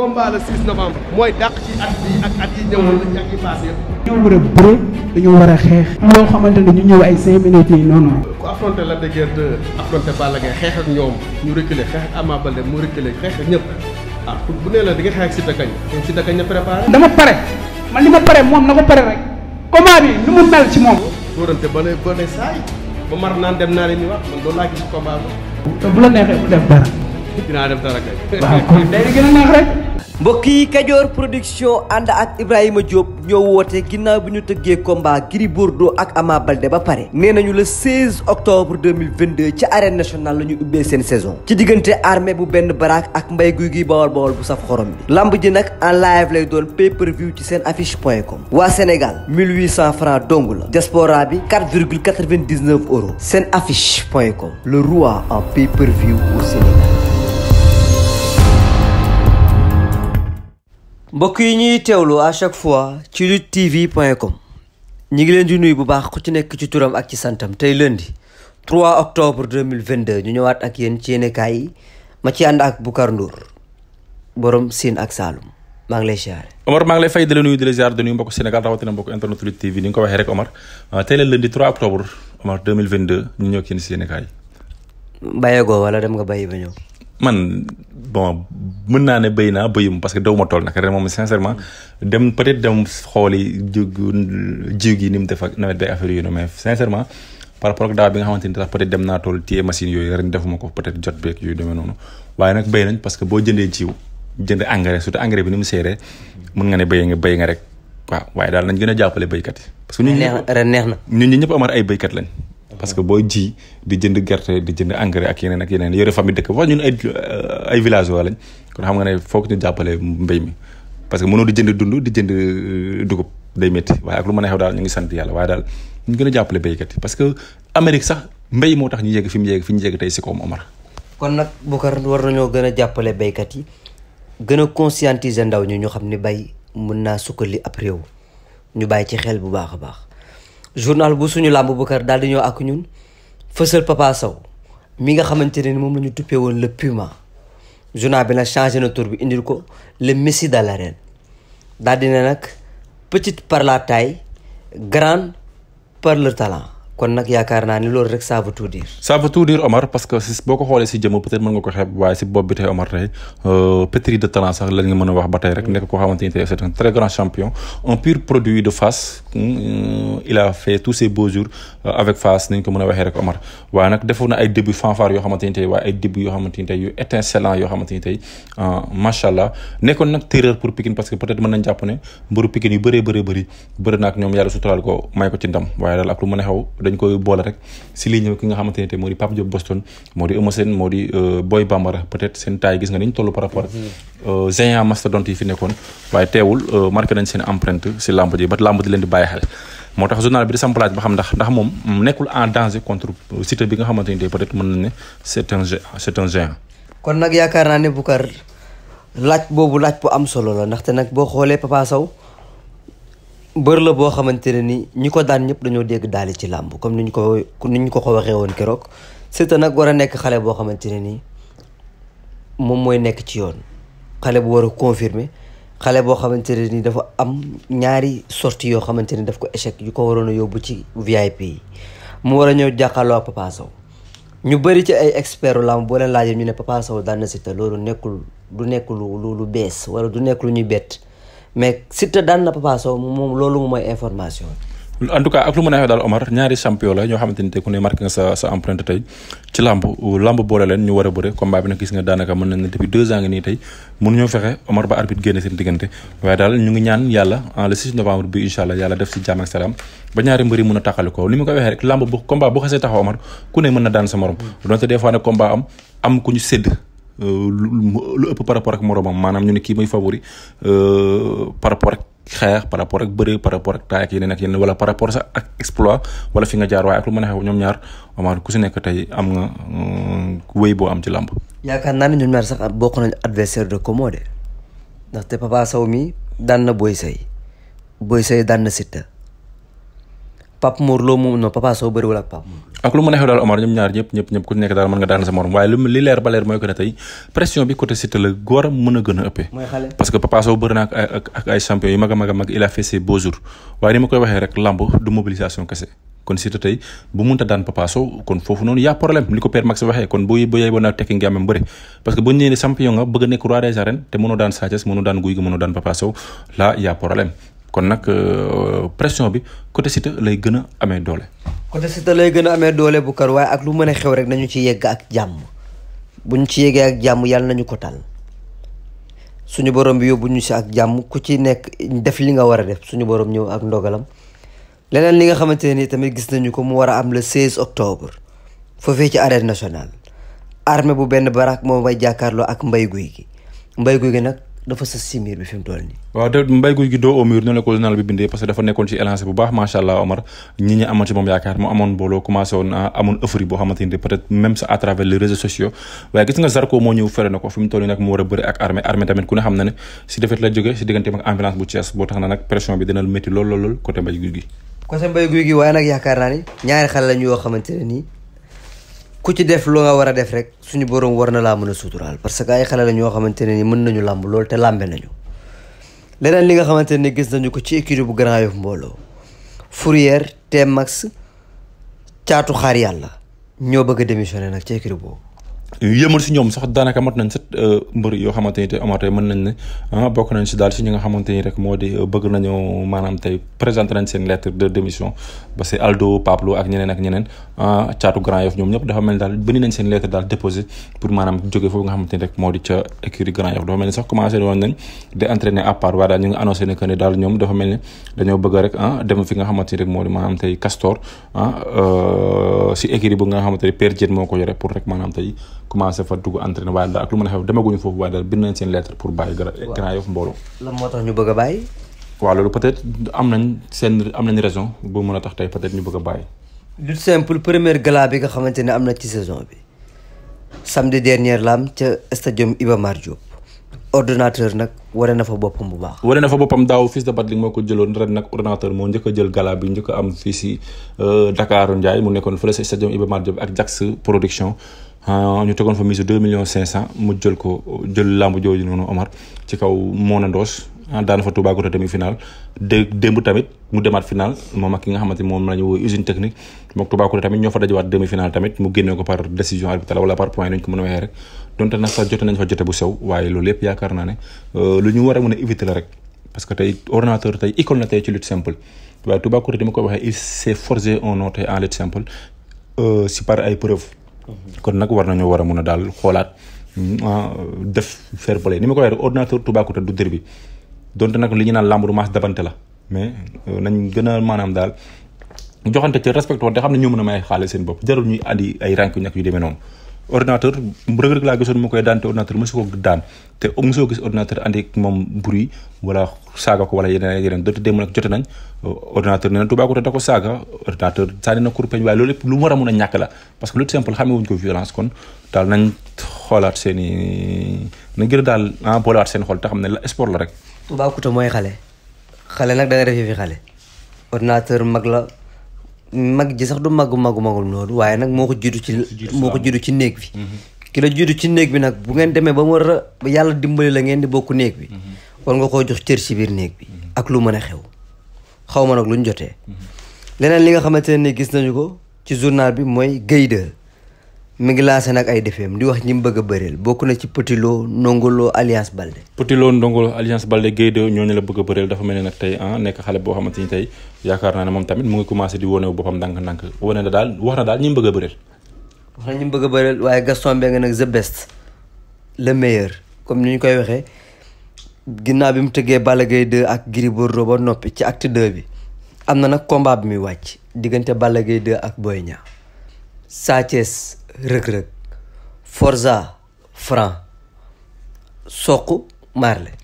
combat le novembre mooy dàq ci at bi ak at yi ñëwoon la ñàkk war a bëre dañoo war a xeex. ñoo xamante ne ñu ñëw ay 5 minutes yi noonu. ku affronté ñu reculer xeex ak Ama Baldé mu reculer ñëpp ah bu nee la di nga xeex ak Siteu kañ kon Siteu dama pare man li ma pare moom na ko pare rek combat bi nu mu mel ci moom. dóorante ba ne ba ne saay ba mar naan dem naa leen ñu wax man loolu laa gis combat ba. te bu la neexee bu def dara. dinaa mbokk yi Kajoor production ànd ak Ibrahima Diop ñoo woote ginnaaw bi ñu tëggee combat Gris Bordeaux ak Ama Baldé ba pare nee nañu le 16 octobre 2022 ci arène nationale la ñu ubbee seen saison ci diggante armée bu benn baraak ak mbay guy gi bawol bawol bu saf xorom bi lamb ji nag en live lay doon pay view ci seen affiche point com waa Sénégal 1800 francs dong la diaspora bi 4 virgule 99 euros seen affiche point com le roi en pay view au Sénégal bokk yi ñuy teewlu à chaque fois ci lutte tv point com ñi ngi leen di nuyu bu baax ku ci nekk ci turam ak ci santam tey lundi 3 octobre 2022 ñu ñëwaat ak yéen ci yéenekaay yi ma ci ànd ak Boucar Ndour borom Sine ak Saloum maa ngi lay ziar Omar maa ngi lay fay di la nuyu di la ziar di nuyu mbokk Sénégal rawatina mbokk internet tv ni nga ko waxee rek Omar ah tey la lundi 3 octobre Omar 2022 ñu ñëw ak yéen si yéenekaay yi bàyyeegoo wala dem nga bàyyi ba ñëw man bon mën naa ne béy naa béyum parce que daw ma tool nag ren moom sincèrement dem peut-être dem xooli jiw gi ni mu def ak nawet bi affaire yooyu mais sincèrement par rapport ak daaw bi nga xamante ni sax peut-être dem naa tool téye machine yooyu ren defuma ko peut-être jot beeg yooyu demee noonu waaye nag béy nañ parce que boo jëndee jiw jënd engrais surtout engrais bi ni mu seeree mën nga ne béyee nga béy nga rek waaw waaye daal nañ gën a jàppale béykat yi. parce que neex na ñun ñëpp amar ay béykat lañ. parce que booy ji di jënd gerte di jënd engrais ak yeneen ak yeneen yore famille dëkk wax ñun ay euh, ay villageois lañ kon xam nga ne foog ñu jàppale mbéy mi parce que mënoo di jënd dund di jënd euh, dugub day métti waaye ak lu mën a xew daal ñu ngi sant yàlla waaye daal ñu gën a jàppale béykat yi parce que Amérique sax mbéy moo tax ñu yegg fi mu yegg fi ñu yegg tey si koom Omar kon nag Boucar war nañoo gën a jàppale béykat yi gën a conscientiser ndaw ñi ñu xam ne bay mën naa sukkali ab réew ñu bàyyi ci xel bu baax a baax journal bu suñu làmb bu kër daal di ñëw ak ñun fësal Papa Sow mi nga xamante ne ni moom la ñu tuppee woon le Puma journal bi nag changé na tur bi indil ko le Messi de l'arène daal di ne nag petite par la taille grande par le talent. kon nag yaakaar na ni loolu rek ça veut tout dire. ça Omar xoolee waaye euh, a wax ba tey rek nekk koo xamante euh, a fait tous ses beaux euh, ko mën a waxee rek Omar waaye nag defoon na ay débuts fanfare yoo xamante ni tey waaye ay débuts yoo xamante ni tey yu étincelant yoo xamante ni tey macha allah nekkoon nag terreur pour Pikine parce que peut-être mën nañ jàpp ne mbëru yu bëree bëri bëri bëri na ak ñoom yàlla suturaal ko may ko ci ndam waaye daal ak lu mën a xew dañ koy boole rek si li ki nga xamante ne te moo di Pape Diop Boston moo di Eumeu Sène moo di euh, Boy Bambara peut-être seen taille gis nga niñ toll par rapport ak mm-hmm. euh, géant mastodonte yi fi nekkoon waaye teewul euh, marqué nañ seen empreinte si lamb ji ba lamb di leen di bàyyi xel moo tax journal bi di samplaaj ba xam ndax ndax moom nekkul en danger contre Siteu bi nga xamante ne mën nañ ne c'est un c'est kon nag yaakaar naa ne Boucar laaj boobu laaj bu boo xoolee Papa bër la boo xamante ne ni ñi ko daan ñëpp dañoo dégg daal daali ci làmb comme ni ñu ko ni ñu ko ko waxee woon keroog Siteu nag war a nekk xale boo xamante ne ni moom mooy nekk ci yoon xale bu war a confirmer xale boo xamante ne ni dafa am ñaari sortie yoo xamante ni daf ko échec yu ko waroon a yóbbu ci VIP yi mu war a ñëw jàkkaarloo ak ñu bëri ci ay expertu làmb boo leen ñu ne Papa Sow daan na Siteu loolu du nekk lu lu bees wala du nekk lu ñuy bett mais Siteu daan na Papa Sow moom loolu mooy information en tout cas ak lu ma neexee daal Omar ñaari champion la ñoo xamante ni te a bëre combat gis nga daanaka mën nañ ne depuis deux ans nga nii tey mënu ñoo fexe Omar ba arbitre génne seen diggante waaye daal ñu ngi ñaan yàlla le 6 novembre bi incha allah yàlla def si jàmm ak ba ñaari mbëri mën a taxali ko ni mu ko waxee rek làmb bu combat bu xasee taxaw Omar ku ne mën na daan sa morom mm. donte des fois lu ëpp par rapport ak moromam maanaam ñu ne kii mooy favori euh, par rapport ak xeex par rapport ak bëre par rapport ak taay ak yeneen ak yeneen wala par rapport sax ak exploit wala fi nga jaar waaye ak lu mën a xew ñoom ñaar Omar ku si nekk tey am nga euh, wéy boo am ci làmb yaakaar naa ne ñoom ñaar sax bokk nañu adversaire de commode ndaxte Papa saw mi daan na Boy say Boy Sey daan na Siteu Pape Mor Lo moom non Papa Sow ak Pape Mor. ak lu daal Omar ñëpp ñëpp ñëpp ku nekk daal mën nga daan sa morom waaye li leer ba leer mooy que ne tey pression bi côté Siteu la war a mën a gën a ëppee. parce que Papa Sow bëri na ak ak ak ay champion yu mag a mag a mag il a fait waaye ni ma koy waxee rek lamb du mobilisation kese. kon Siteu tey bu munta daan Papa kon foofu noonu y'a problème li ko Père Max waxee kon bu bu yey boona tekki nga bëgg kon nag euh, pression bi côté Siteu lay gën a amee doole. côté Siteu lay gën a amee doole bu kar waaye ak lu mën a xew rek nañu ci yegg ak jàmm buñ ci yeggee ak jàmm yàlla nañu ko tal suñu borom bi yóbbu ñu si ak jàmm ku ci nekk def li nga war a def suñu borom ñëw ak ndogalam leneen li nga xamante ne nii tamit gis nañu ko mu war a am le 16 octobre foofee ci arène nationale armée bu benn baraak moom may jàkkaarloo ak mbay guy gi mbay guy gi nag. dafa sës si bi fi toll nii. waaw te Mbaye Gouy Gui doo au mur noonu ko journal bi bindee parce que dafa nekkoon ci élancé bu baax macha allah Omar ñi ñi amoon ci moom yaakaar mu amoon mbooloo commencé woon ah, amoon ëffari boo xamante ni peut-être même ça à les réseaux sociaux waaye gis nga Zarko moo ñëw fere na ko fi toll nii nag mu war a bëri ak armée armée tamit ku ne xam na ne si defet la jógee si digganteem ak ambulance bu Thiès boo ku ci def lu nga war a def rek suñu boroom war na laa mën a suturaal parce que ay xale la ñoo xamante ne ni mën nañu làmb loolu te làmbe nañu leneen li nga xamante ne gis nañu ko ci écurie bu Grand Yoff mbooloo Fourrière T-Max caatu xaar yàlla ñoo bëgg a démissionné nag ci écurie boobu yëmal si ñoom sax daanaka mat nañ set euh, mbër yoo xamante ni te amateur mën nañ ne ah, bokk nañ si daal si nga xamante ni rek moo di euh, bëgg nañ seen lettre de démission ba si Aldo Pablo ak ñeneen ak ñeneen ah caatu Grand Yoff ñoom ñëpp dafa mel ni daal bëri nañ seen lettre daal déposé pour moo di ca écurie Grand Yoff dafa mel ni sax commencé woon nañ di entraîner à part waaye daal ñu ngi annoncé ne ah, nga xamante ni rek moo di maanaam tey Castor ah, euh, si écurie bu nga xamante ni Père Diène moo ko pour rek maanaam tey commencé fa dugg entraîné waaye daal ak lu mën a xew demaguñu foofu waaye daal bind nañ seen lettre pour bàyyi Grand Yoff ñu bëgg a bàyyi waaw loolu am nañ seen am nañ raison bu mën a tax tey peut ñu bëgg a bàyyi lu simple première gala bi nga xamante ne am na ci saison bi samedi dernier la am ca stadium Iba Mar Diop ordinateur nag waree na fa boppam bu baax waree na fa boppam daaw fils de Batling moo ko jëloon ren nag ordinateur moo njëkk a jël gala bi njëkk a am fii si euh, Dakar Ndiaye mu nekkoon fële sa stadium Iba Mar bi ak Jax production Ah, ñu tegoon fa mise deux millions cinq cent mu jël ko jël làmb jooju noonu Omar ci kaw Monandos ah daan fa Toubacouta demi final dé tamit mu demaat final moom ak ki nga xamante moom la ñu woo usine technique moom Toubacouta tamit ñoo demi final tamit mu génne ko par décision arbitrale wala par point nañ ko mën a waxee rek donte nag sax jote nañ fa jote bu sew waaye loolu yëpp yaakaar naa ne euh, lu ñu war a mën a éviter la rek parce que tey ordinateur tey icône na tey ci lutte simple waaye ko waxee il s'est kon nag war na ñoo war a mun a daal xoolaat mm, ah, def fair play ni ma ko waxee rek ordinateur Toubacouta du derby donte nag li ñu naan làmb du maas dabante la mais euh, nañ gën a maanaam daal joxante ci respecté woon te xam ne ñoo mën a may xaalis seen bopp jarul ñuy andi ay rànk ñak yu demee noonu. ordinateur Reug Reug laa gisoon mu koy daan te ordinateur mosoo ko daan te mosoo gis ordinateur andi moom bruit wala saaga ko wala yeneen yeneen dootu démb nag jote nañ ordinateur nee na Toubacouta da na kurpeñ a mun la parce que lu simple xamee wuñ ko violence kon daal nañ xoolaat seen i na ngir daal ah boolewaat seen xol te xam ne la sport la rek. Toubacouta mooy xale. xale nag da nga fi xale. ordinateur mag la. mag ji sax du magu magu magul noonu waaye nag moo ko jiitu ci moo ko jiitu ci néeg bi mhm. kilo la jiitu ci néeg bi nag bu ngeen demee ba mu war a yàlla dimbali la ngeen di bokk néeg bi mhm. war nga koo jox cër ci biir néeg bi mhm. ak lu mën a xew xaw ma nag luñ jotee leneen li nga xamante ne ne gis nañu ko ci journal bi mooy Guèye mi ngi lancé nag ay defeem di wax ñi mu bëgg bëreel bokk na ci Petit Lo Ndongolo Alliance Balde. Petit Lo Ndongolo Alliance Balde Guèye de ñooñu la bëgg a bëreel dafa mel ne nag tey ah, nekk xale boo xamante ni tey yaakaar naa ne moom tamit mu ngi commencé di wane wu boppam ndànk-ndànk wane na daal wax na daal ñi mu bëgg a bëreel. wax na ñi mu bëgg a bëreel waaye Gaston Mbengue nag the best le meilleur comme ni ñu koy waxee ginnaaw bi mu tëggee Balla Gaye 2 ak Gris Bordeaux ba noppi ci acte 2 bi am na nag combat bi muy wàcc diggante Balla Gaye ak Boy Niang rëg-rëg Forza Franc Sokh Marley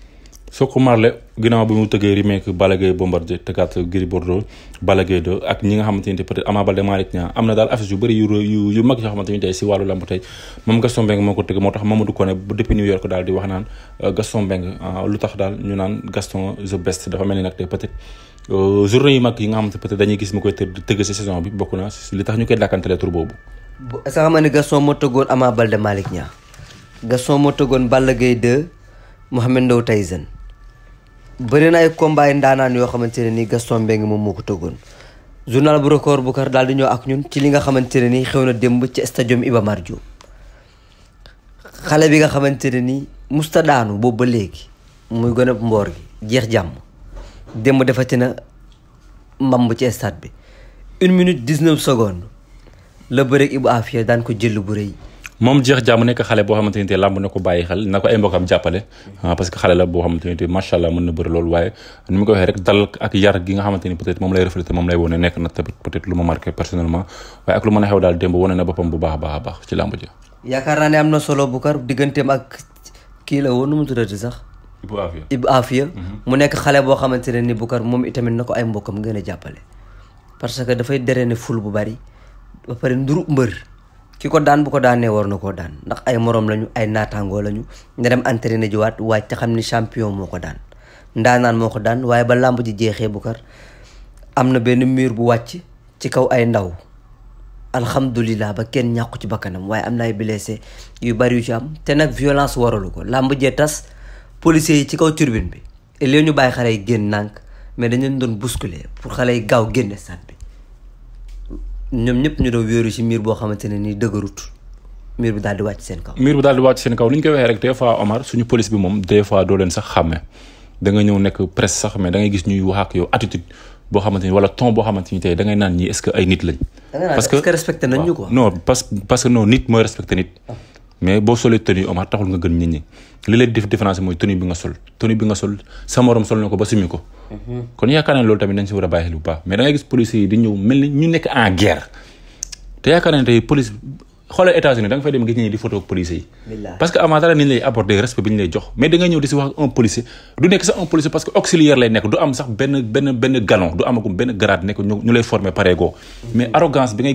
Sokh Marley ginnaaw bi mu tëggee remake Balla Gaye tëggaat Gris Bordeaux Balla Gaye ak ñi nga xamante ni te peut-être Ama Baldé Malick am na daal affiche yu bëri yu yu yu mag ne xamante ni si wàllu lamb tey moom Gaston Mbengue moo ko tëgg moo tax Mamadou Koné bu depuis New York daal di wax naan euh, Gaston Mbengue euh, lu tax daal ñu naan Gaston the best dafa mel ni nag tey peut euh, journée yu mag yi nga xamante peut-être dañuy gis mu koy tëgg si saison bi bokk na li tax ñu koy dàkkantalee tur boobu sa xam ne Gaston moo tëggoon amaa Baldé malik ñaa Gaston moo tëggoon Balla Gaye 2 Mohamed Ndao Tyson bëri na ay combat yi ndaanaan yoo xamante ne nii Gaston Mbengue moom moo ko tëggoon journal bu record bu kar daal di ñëw ak ñun ci li nga xamante ne nii xew na démb ci stadium Iba Mar xale bi nga xamante ne nii musta daanu boobu ba léegi muy gën a mboor gi jeex jàmm démb defati na mbamb ci stade bi une minute dix-neuf la bëreeg Ibou Afia daan ko jël bu rëy. moom jeex jàmm nekk xale boo xamante ni te làmb na ko bàyyi xel na ko ay mbokkam jàppale ah, parce boo xamante ni te macha allah mën na bëri loolu waaye ni mu ko waxee rek dal ak yar gi nga xamante ni peut moom na tamit peut a xew a baax a baax la woon nu mu tuddati sax Ibou Afia mhm. mu nekk xale boo xamante ne ni Boucar moom itamit na ko ay mbokkam gën a jàppale parce que dafay derene ful bu bari ba pare nduru mbër ki ko daan bu ko daanee war na koo daan ndax ay morom lañu ay naataangoo lañu nga dem entraîné jiwaat wàcc xam ni champion moo ko daan ndaanaan moo ko daan waaye ba làmb ji jeexee bu kar am na benn miir bu wàcc ci kaw ay ndaw alhamdulilah ba kenn ñàkku ci bakkanam waaye am na ay blessé yu bari yu ci am te nag violence waralu ko làmb jee tas policiers yi ci kaw turbine bi et ñu bàyyi xale yi génn nànk mais dañu doon bousculer pour xale yi gaaw génne stade ñoom ñëpp ñu doon wéeru ci miir boo xamante ne ni dëgërut miir bi daal wàcc seen kaw. miir bi daal wàcc seen kaw ni ñu koy waxee rek des Omar suñu police bi moom des doo leen sax xàmme da ñëw nekk presse sax mais boo xamante ni wala da ngay naan ñii est-ce que ay nit lañ. parce que nit mooy respecté nit. Ah. mais boo solee tenue Omar taxul nga gën nit ñi li lay def différence mooy tenue bi nga sol tenue bi nga sol sa morom sol na ko ba sumi ko kon yaakaar naa loolu tamit dañ si war a bàyyi xel bu baax mais da ngay gis policiers yi di ñëw mel ni ñu nekk en guerre te yaakaar naa tey police xoolal États-Unis da fay dem que avant dara ni ñu lay aborder respect bi ñu lay jox mais da nga ñëw di si wax un policier du nekk sax un policier parce que auxiliaire lay nekk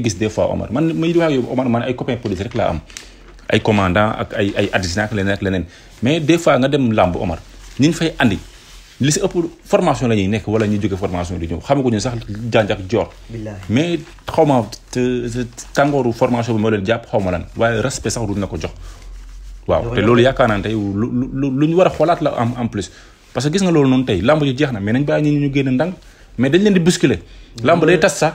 gis des Omar man may di wax Omar man ay copain policier rek laa am ay commandant ak ay ay leneen ak leneen mais des fois nga dem làmb Omar ñi ñu fay andi li si ëpp formation la ñuy nekk wala ñu jóge formation di ñëw xamaguñu sax jànjak joor mais xaw ma tàngooru formation bi moo leen jàpp xaw ma lan waaye respect sax duñ na ko jox waaw te loolu yaakaar naa tey lu lu lu ñu war a xoolaat la am en plus parce que gis nga loolu noonu tey lamb ji jeex na mais nañ bàyyi ñu ñu génn ndànk mais dañ leen di bousculer mm-hmm. làmb lay tas sax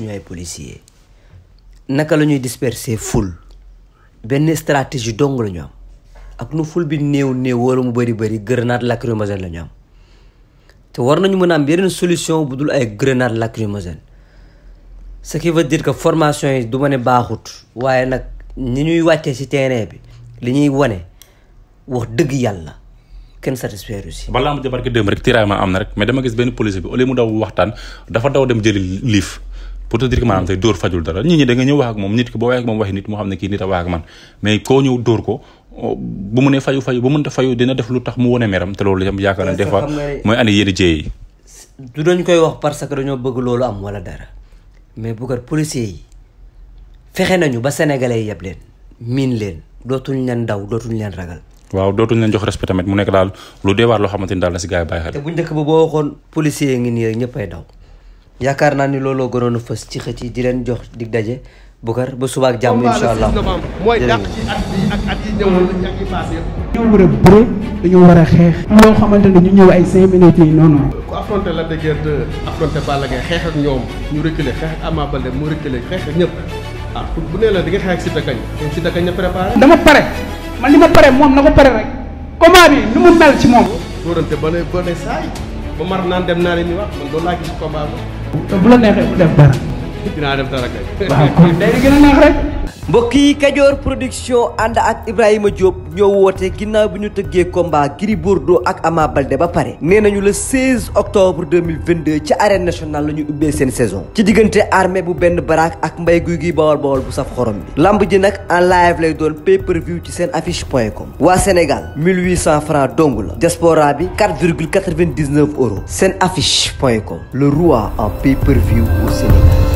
suñu ay policiers naka la ñuy disperser foule benn stratégie dong lañu ñu am ak nu ful bi néew néew wala mu bëri bëri grenade lacrymogène la ñu am te war nañu mën a am yeneen solution bu dul ay grenade lacrymogène ce qui veut dire que formation yi du ma ne baaxut waaye nag ni ñuy wàccee ci terrain bi li ñuy wane wax dëgg yàlla kenn satisfaire aussi. balaa ma débarqué démb rek tiraillement am na rek mais dama gis benn policier bi au mu daw waxtaan dafa daw dem jëli pour te dire que maanaam tey dóor fajul dara nit ñi da ñëw wax ak moom nit ki boo waxee nit moo xam ne kii nit a wax ak man mais koo ñëw dóor ko bu mu ne fayu fayu bu mënta fayu dina def lu tax mu wone meram te loolu yam yaakaar na des mooy koy wax parce que dañoo bëgg loolu am wala dara mais bu ko policier yi fexe nañu ba sénégalais yi yeb leen miin leen dootuñ leen daw dootuñ leen ragal waaw dootuñ leen jox respect tamit mu nekk daal lu dee waar loo xamante ni daal na si gars yi bàyyi xel te bu njëkk yaakaar naa ni looloo gënoon a fës ci xëcc yi di leen jox dig daje Boucar ba suba ak jàmm incha allah mooy dàq ci at bi ak at yi ñëwoon ak yi a a xeex loo ñu ñëw ay cinq minutes yi noonu ku xeex ak ñoom ñu reculer xeex ak Ama Baldé mu reculer xeex ak ñëpp ah, bu nee la di xeex ak Siteu dama pare li ma pare moom na ko pare rek combat bi nu mu mel ci moom dóorante ba ne ba ne saay ba mar naan dem naa leen ni wax man loolu laa gis bu la neexee mu def dara mbokk yi Kajoor production ànd ak Ibrahima Diop ñoo woote ginnaaw bi ñu tëggee combat Gris Bordeaux ak Ama Baldé ba pare nee nañu le 16 octobre 2022 ci arène nationale la ñu ubbee seen saison ci diggante armée bu benn baraak ak mbay guy gi bawal bawal bu saf xorom bi lamb ji nag en live lay doon pay view ci seen affiche point com waa Sénégal 1800 francs dong la diaspora bi 4,99 euros seen affiche point com le roi en pay view au Sénégal.